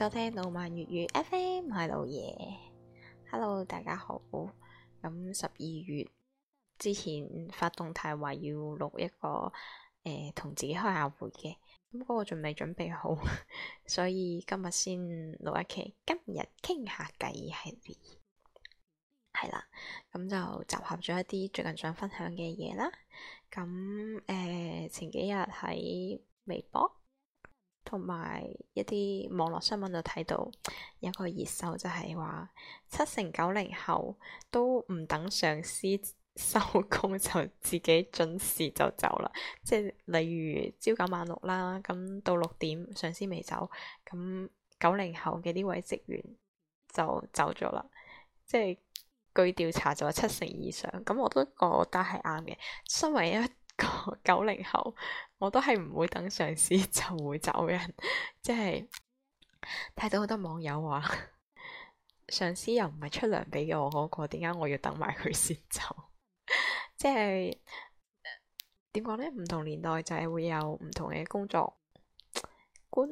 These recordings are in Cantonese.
收聽老萬粵語 FM，唔係老嘢。Hello，大家好。咁十二月之前發動態話要錄一個誒同、呃、自己開下會嘅，咁、那、嗰個仲未準備好， 所以今日先錄一期。今日傾下偈系列，係啦，咁就集合咗一啲最近想分享嘅嘢啦。咁誒、呃、前幾日喺微博。同埋一啲網絡新聞就睇到有個熱搜，就係話七成九零後都唔等上司收工就自己準時就走啦。即係例如朝九晚六啦，咁到六點上司未走，咁九零後嘅呢位職員就走咗啦。即係據調查就係七成以上，咁我都覺得係啱嘅。身為一九零後我都係唔會等上司就會走人、 就是，即係睇到好多網友話上司又唔係出糧俾我嗰，那個，點解我要等埋佢先走？即係點講咧？唔同年代就係會有唔同嘅工作觀，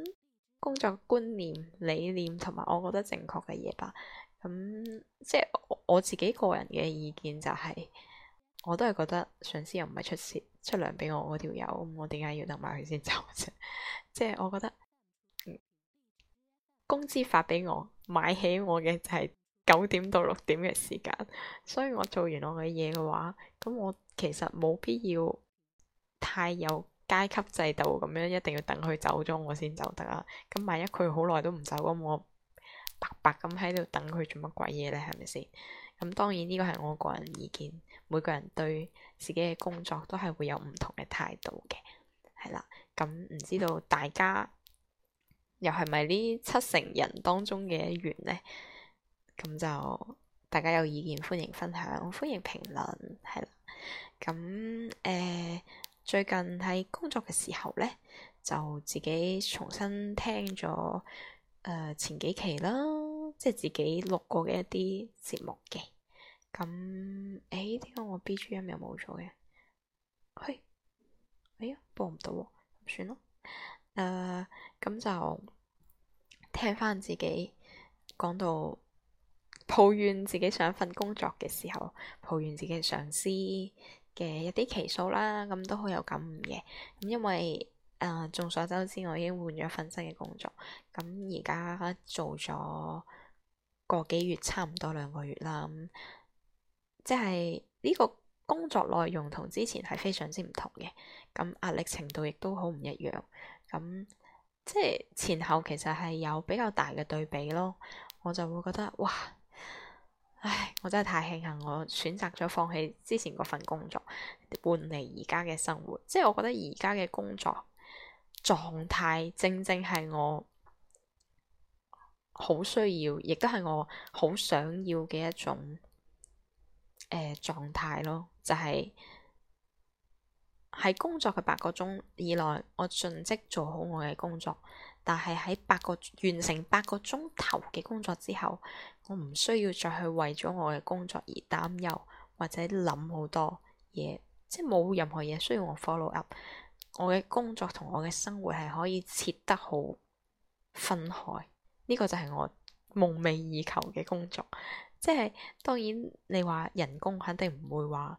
工作觀念，理念，同埋我覺得正確嘅嘢吧。咁即係我自己個人嘅意見就係，是。我都係覺得上司又唔係出錢出糧俾我嗰條友，我點解要等埋佢先走啫？即 係我覺得工資發俾我，買起我嘅就係九點到六點嘅時間，所以我做完我嘅嘢嘅話，咁我其實冇必要太有階級制度咁樣，一定要等佢走咗我先走得啊。咁萬一佢好耐都唔走，咁我白白咁喺度等佢做乜鬼嘢咧？係咪先？咁當然呢個係我個人意見，每個人對自己嘅工作都係會有唔同嘅態度嘅，係啦。咁唔知道大家又係咪呢七成人當中嘅一員呢？咁就大家有意見，歡迎分享，歡迎評論，係啦。咁誒、呃，最近喺工作嘅時候咧，就自己重新聽咗誒、呃、前幾期啦。即係自己錄過嘅一啲節目嘅，咁誒，點解我 BGM 又冇咗嘅？嘿，哎呀，播唔到喎，算咯。誒，uh，咁就聽翻自己講到抱怨自己上一份工作嘅時候，抱怨自己上司嘅一啲奇數啦，咁都好有感悟嘅。咁因為誒，眾所周知，我已經換咗份新嘅工作，咁而家做咗，個幾月差唔多兩個月啦，咁、嗯、即係呢個工作內容同之前係非常之唔同嘅，咁、嗯、壓力程度亦都好唔一樣，咁、嗯、即係前後其實係有比較大嘅對比咯。我就會覺得哇，唉，我真係太慶幸我選擇咗放棄之前嗰份工作，換嚟而家嘅生活。即係我覺得而家嘅工作狀態正正係我。好需要，亦都係我好想要嘅一種誒、呃、狀態咯。就係、是、喺工作嘅八個鐘以內，我盡職做好我嘅工作。但係喺八個完成八個鐘頭嘅工作之後，我唔需要再去為咗我嘅工作而擔憂或者諗好多嘢，即係冇任何嘢需要我 follow up。我嘅工作同我嘅生活係可以切得好分開。呢個就係我夢寐以求嘅工作，即係當然你話人工肯定唔會話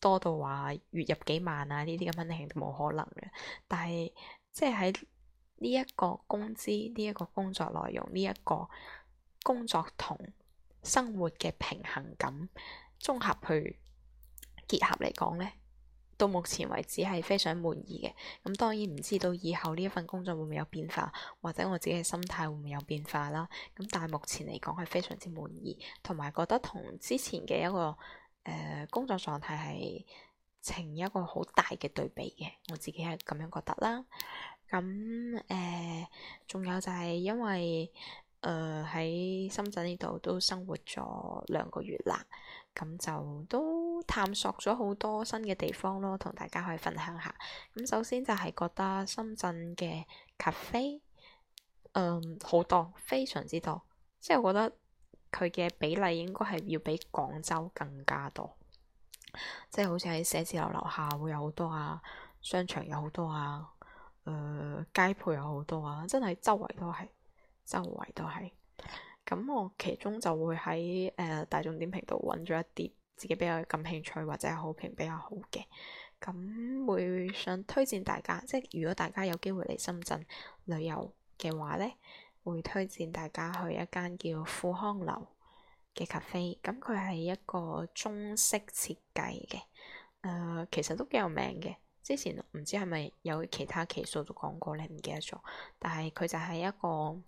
多到話月入幾萬啊，呢啲咁，肯定冇可能嘅，但係即係喺呢一個工資、呢一個工作內容、呢一個工作同生活嘅平衡感綜合去結合嚟講咧。到目前為止係非常滿意嘅，咁當然唔知道以後呢一份工作會唔會有變化，或者我自己嘅心態會唔會有變化啦。咁但係目前嚟講係非常之滿意，同埋覺得同之前嘅一個誒、呃、工作狀態係呈一個好大嘅對比嘅，我自己係咁樣覺得啦。咁、嗯、誒，仲、呃、有就係因為誒喺、呃、深圳呢度都生活咗兩個月啦，咁就都。探索咗好多新嘅地方咯，同大家可以分享下。咁首先就係覺得深圳嘅 cafe，嗯，好多，非常之多。即係我覺得佢嘅比例應該係要比廣州更加多。即係好似喺寫字樓樓下會有好多啊，商場有好多啊，誒、呃，街鋪有好多啊，真係周圍都係，周圍都係。咁我其中就會喺誒、呃、大眾點評度揾咗一啲。自己比較感興趣或者係好評比較好嘅，咁會想推薦大家，即係如果大家有機會嚟深圳旅遊嘅話呢，會推薦大家去一間叫富康樓嘅 cafe，咁佢係一個中式設計嘅，誒、呃、其實都幾有名嘅，之前唔知係咪有其他期數都講過咧，唔記得咗，但係佢就係一個。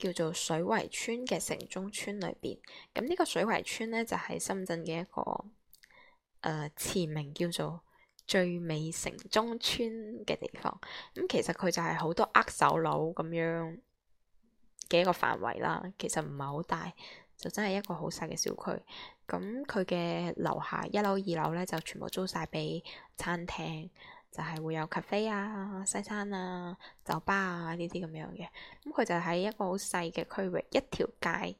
叫做水圍村嘅城中村裏邊，咁呢個水圍村呢，就係深圳嘅一個誒，前名叫做最美城中村嘅地方。咁其實佢就係好多握手樓咁樣嘅一個範圍啦，其實唔係好大，就真係一個好細嘅小區。咁佢嘅樓下一樓、二樓呢，就全部租晒俾餐廳。就係會有咖啡啊、西餐啊、酒吧啊呢啲咁樣嘅，咁、嗯、佢就喺一個好細嘅區域，一條街，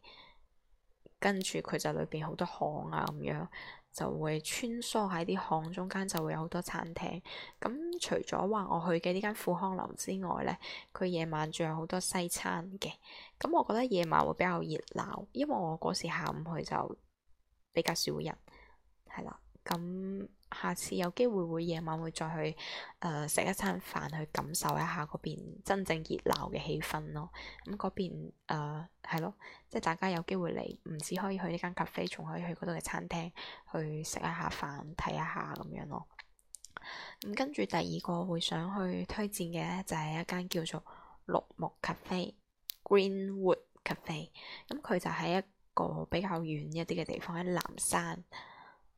跟住佢就裏邊好多巷啊咁樣，就會穿梭喺啲巷中間就會有好多餐廳。咁除咗話我去嘅呢間富康樓之外呢，佢夜晚仲有好多西餐嘅。咁我覺得夜晚會比較熱鬧，因為我嗰時下午去就比較少人，係啦，咁。下次有機會會夜晚會再去誒食、呃、一餐飯，去感受一下嗰邊真正熱鬧嘅氣氛咯。咁嗰邊誒係、呃、咯，即係大家有機會嚟，唔止可以去呢間咖啡，仲可以去嗰度嘅餐廳去食一下飯，睇一下咁樣咯。咁跟住第二個會想去推薦嘅咧，就係、是、一間叫做綠木咖啡 （Greenwood Cafe）。咁佢就喺一個比較遠一啲嘅地方喺南山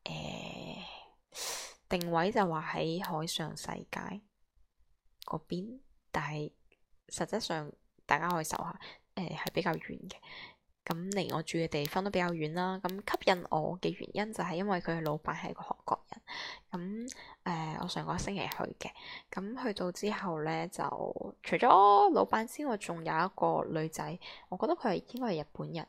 誒。欸定位就話喺海上世界嗰邊，但係實質上大家可以搜下，誒、呃、係比較遠嘅，咁離我住嘅地方都比較遠啦。咁吸引我嘅原因就係因為佢嘅老闆係個韓國人。咁誒、呃，我上個星期去嘅，咁去到之後呢，就除咗老闆之外，仲有一個女仔，我覺得佢係應該係日本人，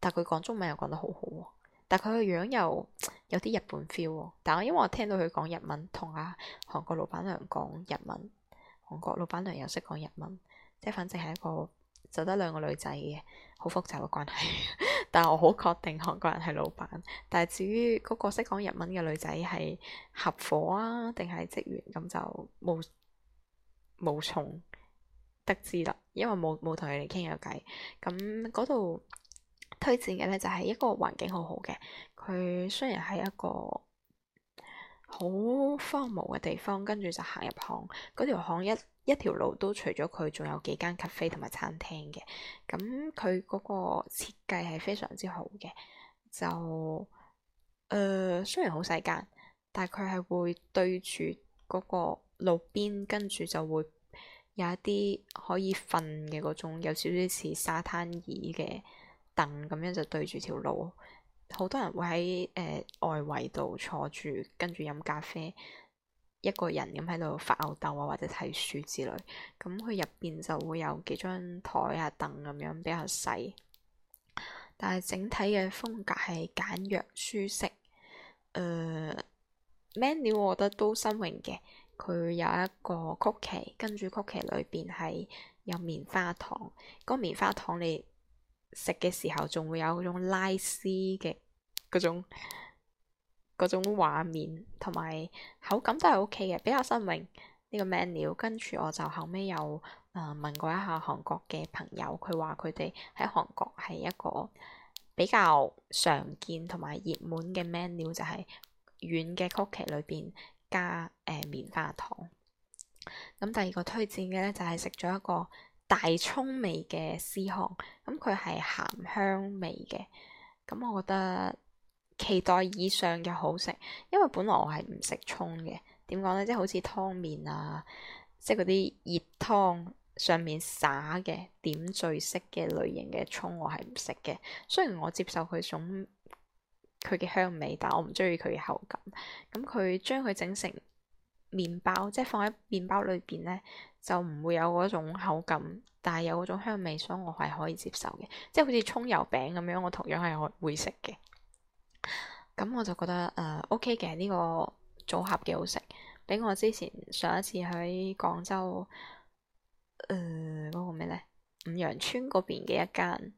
但佢講中文又講得好好、啊、喎。但佢個樣又有啲日本 feel 喎、哦，但我因為我聽到佢講日文，同阿韓國老闆娘講日文，韓國老闆娘又識講日文，即係反正係一個就得兩個女仔嘅，好複雜嘅關係。但係我好確定韓國人係老闆，但係至於嗰個識講日文嘅女仔係合夥啊，定係職員咁就冇無，無從得知啦，因為冇冇同佢哋傾有偈。咁嗰度。那那推薦嘅咧就係一個環境好好嘅。佢雖然係一個好荒蕪嘅地方，跟住就行入巷，嗰條巷一一條路都除咗佢，仲有幾間咖啡同埋餐廳嘅。咁佢嗰個設計係非常之好嘅。就誒、呃，雖然好細間，但係佢係會對住嗰個路邊，跟住就會有一啲可以瞓嘅嗰種，有少少似沙灘椅嘅。凳咁樣就對住條路，好多人會喺誒、呃、外圍度坐住，跟住飲咖啡，一個人咁喺度發吽逗啊，或者睇書之類。咁佢入邊就會有幾張台啊凳咁樣比較細，但係整體嘅風格係簡約舒適。誒、呃，menu 我覺得都新穎嘅，佢有一個曲奇，跟住曲奇裏邊係有棉花糖，個棉花糖你。食嘅時候仲會有嗰種拉絲嘅嗰種嗰種畫面，同埋口感都係 O K 嘅，比較新穎呢、呢個 menu。跟住我就後尾有啊、呃、問過一下韓國嘅朋友，佢話佢哋喺韓國係一個比較常見同埋熱門嘅 menu，就係、係、軟嘅曲奇裏邊加誒、呃、棉花糖。咁第二個推薦嘅呢，就係食咗一個。大葱味嘅司康，咁佢係咸香味嘅，咁我覺得期待以上嘅好食，因為本來我係唔食葱嘅，點講呢？即係好似湯麵啊，即係嗰啲熱湯上面灑嘅點綴式嘅類型嘅葱，我係唔食嘅。雖然我接受佢種佢嘅香味，但我唔中意佢嘅口感。咁佢將佢整成麵包，即係放喺麵包裏邊呢。就唔會有嗰種口感，但係有嗰種香味，所以我係可以接受嘅，即係好似蔥油餅咁樣，我同樣係會會食嘅。咁我就覺得誒、呃、OK 嘅呢、呢個組合幾好食，比我之前上一次喺廣州誒嗰、呃嗰個咩咧五羊村嗰邊嘅一間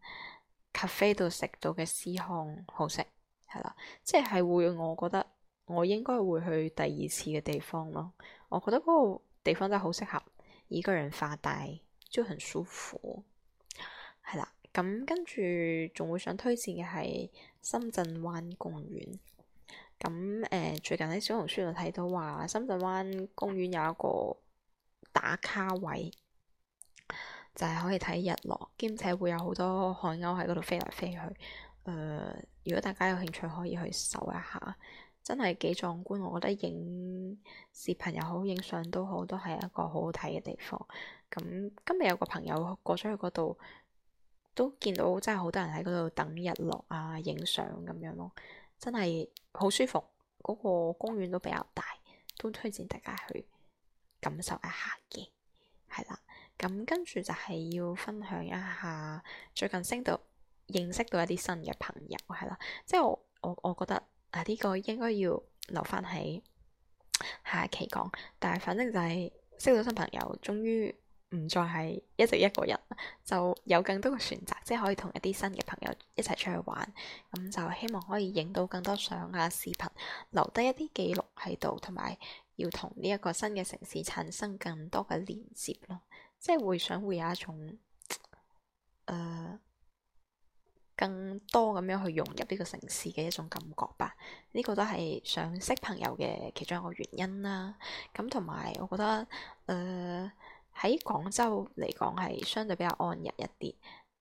cafe 度食到嘅司康好食係啦，即係會我覺得我應該會去第二次嘅地方咯。我覺得嗰個地方真係好適合。一個人發呆就很舒服，係啦，咁跟住仲會想推薦嘅係深圳灣公園，咁誒、呃、最近喺小紅書度睇到話深圳灣公園有一個打卡位，就係、是、可以睇日落，兼且會有好多海鷗喺嗰度飛嚟飛去，誒、呃，如果大家有興趣可以去搜一下。真係幾壯觀，我覺得影視頻又好，影相都好，都係一個好好睇嘅地方。咁今日有個朋友過咗去嗰度，都見到真係好多人喺嗰度等日落啊、影相咁樣咯，真係好舒服。嗰個公園都比較大，都推薦大家去感受一下嘅，係啦。咁跟住就係要分享一下最近升到認識到一啲新嘅朋友，係啦，即係我我我覺得。嗱，呢個應該要留返喺下期講，但係反正就係、是、識到新朋友，終於唔再係一直一個人，就有更多嘅選擇，即係可以同一啲新嘅朋友一齊出去玩，咁就希望可以影到更多相啊、視頻，留低一啲記錄喺度，同埋要同呢一個新嘅城市產生更多嘅連接咯，即係會想會有一種誒。呃更多咁樣去融入呢個城市嘅一種感覺吧，呢個都係想識朋友嘅其中一個原因啦。咁同埋，我覺得，誒喺廣州嚟講係相對比較安逸一啲，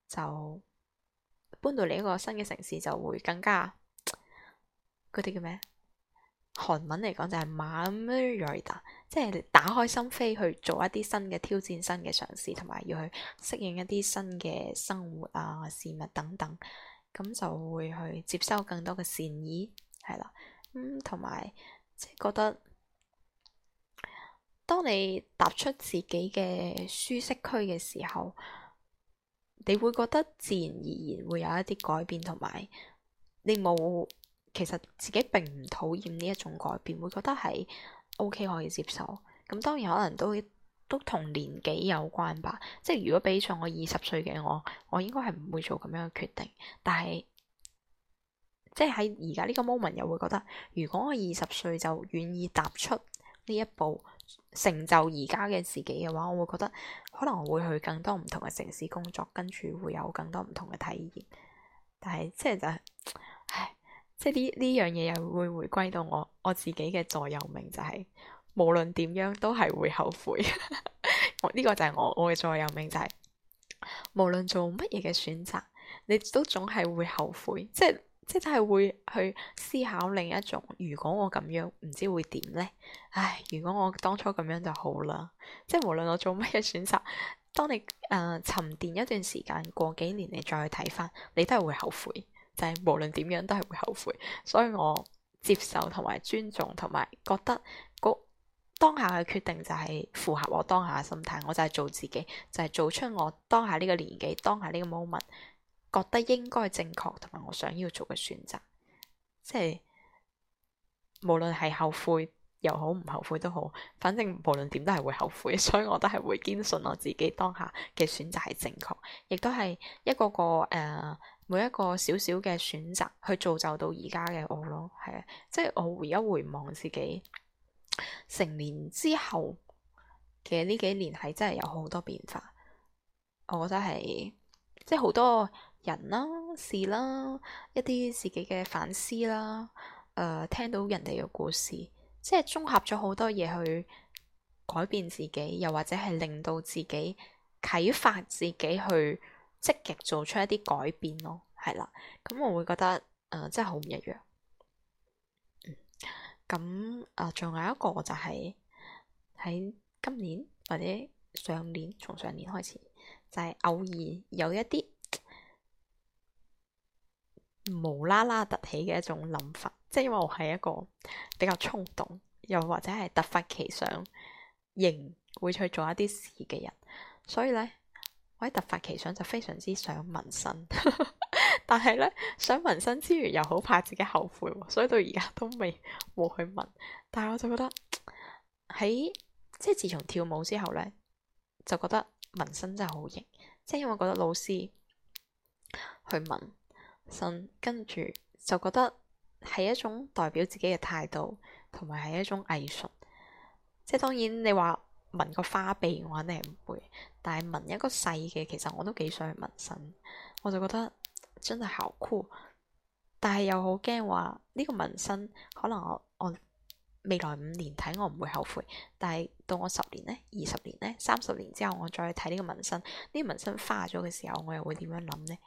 就搬到嚟一個新嘅城市就會更加，嗰啲叫咩？韓文嚟講就係馬咩鋭達，即係打開心扉去做一啲新嘅挑戰、新嘅嘗試，同埋要去適應一啲新嘅生活啊、事物等等，咁就會去接收更多嘅善意，係啦，同埋即係覺得，當你踏出自己嘅舒適區嘅時候，你會覺得自然而然會有一啲改變，同埋你冇。其實自己並唔討厭呢一種改變，會覺得係 OK 可以接受。咁當然可能都都同年紀有關吧。即係如果比起我二十歲嘅我，我應該係唔會做咁樣嘅決定。但係即係喺而家呢個 moment 又會覺得，如果我二十歲就願意踏出呢一步，成就而家嘅自己嘅話，我會覺得可能我會去更多唔同嘅城市工作，跟住會有更多唔同嘅體驗。但係即係就係。即係呢呢樣嘢又會回歸到我我自己嘅座右銘就係、是、無論點樣都係會後悔 我，我呢個就係我我嘅座右銘就係無論做乜嘢嘅選擇，你都總係會後悔，即係即係都會去思考另一種，如果我咁樣唔知會點咧？唉，如果我當初咁樣就好啦。即係無論我做乜嘢選擇，當你誒、呃、沉澱一段時間，過幾年你再去睇返，你都係會後悔。就係無論點樣都係會後悔，所以我接受同埋尊重同埋覺得個當下嘅決定就係符合我當下嘅心態，我就係做自己，就係、是、做出我當下呢個年紀、當下呢個 moment 覺得應該正確同埋我想要做嘅選擇。即係無論係後悔又好唔後悔都好，反正無論點都係會後悔，所以我都係會堅信我自己當下嘅選擇係正確，亦都係一個個誒。Uh, 每一個小小嘅選擇，去造就到而家嘅我咯，係啊，即係我回一回望自己成年之後，其實呢幾年係真係有好多變化，我覺得係即係好多人啦、啊、事啦、啊、一啲自己嘅反思啦、啊、誒、呃、聽到人哋嘅故事，即係綜合咗好多嘢去改變自己，又或者係令到自己啟發自己去。積極做出一啲改變咯，係啦，咁我會覺得誒、呃、真係好唔一樣。咁、嗯、啊，仲、呃、有一個就係、是、喺今年或者上年，從上年開始，就係、是、偶然有一啲無啦啦突起嘅一種諗法，即、就、係、是、因為我係一個比較衝動，又或者係突發奇想，仍會去做一啲事嘅人，所以咧。我喺突發奇想，就非常之想紋身， 但係咧，想紋身之餘，又好怕自己後悔，所以到而家都未冇去紋。但係我就覺得喺即係自從跳舞之後咧，就覺得紋身真係好型，即係因為覺得老師去紋身，跟住就覺得係一種代表自己嘅態度，同埋係一種藝術。即係當然你，你話。紋個花臂，我肯定唔會。但係紋一個細嘅，其實我都幾想去紋身。我就覺得真係好酷，但係又好驚話呢個紋身可能我我未來五年睇我唔會後悔，但係到我十年呢、二十年呢、三十年之後，我再睇呢個紋身，呢個紋身花咗嘅時候，我又會點樣諗呢？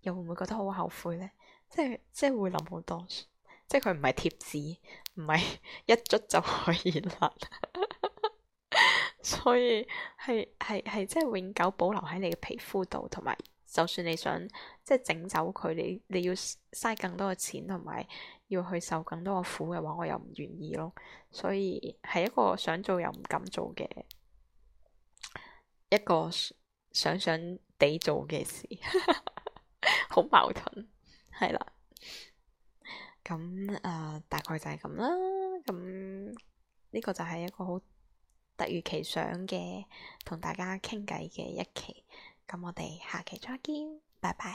又會唔會覺得好後悔呢？即係即係會諗好多。即係佢唔係貼紙，唔係一捽就可以甩。 所以係，係，係，即係永久保留喺你嘅皮膚度，同埋就算你想即係整走佢，你你要嘥更多嘅錢，同埋要去受更多嘅苦嘅話，我又唔願意咯。所以係一個想做又唔敢做嘅，一個想想地做嘅事，好 矛盾。係 啦，咁誒、呃、大概就係咁啦。咁呢個就係一個好突如其想嘅同大家傾偈嘅一期，咁我哋下期再見，拜拜。